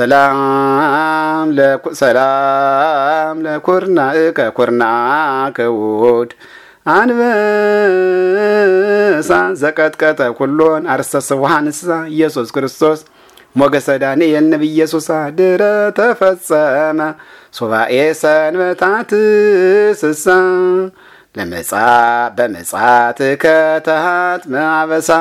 ሰላም ሰላም ለኩርናእከ ኩርናከ ውድ አንበሳ ዘቀጥቀጠ ኩሎን አርሰ ስቡሃን እንስሳ ኢየሱስ ክርስቶስ ሞገሰ ዳንኤል ነቢየ ኢየሱሳ ድረ ተፈጸመ ሱባኤ ሰንበታት ስሳ ለመጻ በመጻት ከተሃት መአበሳ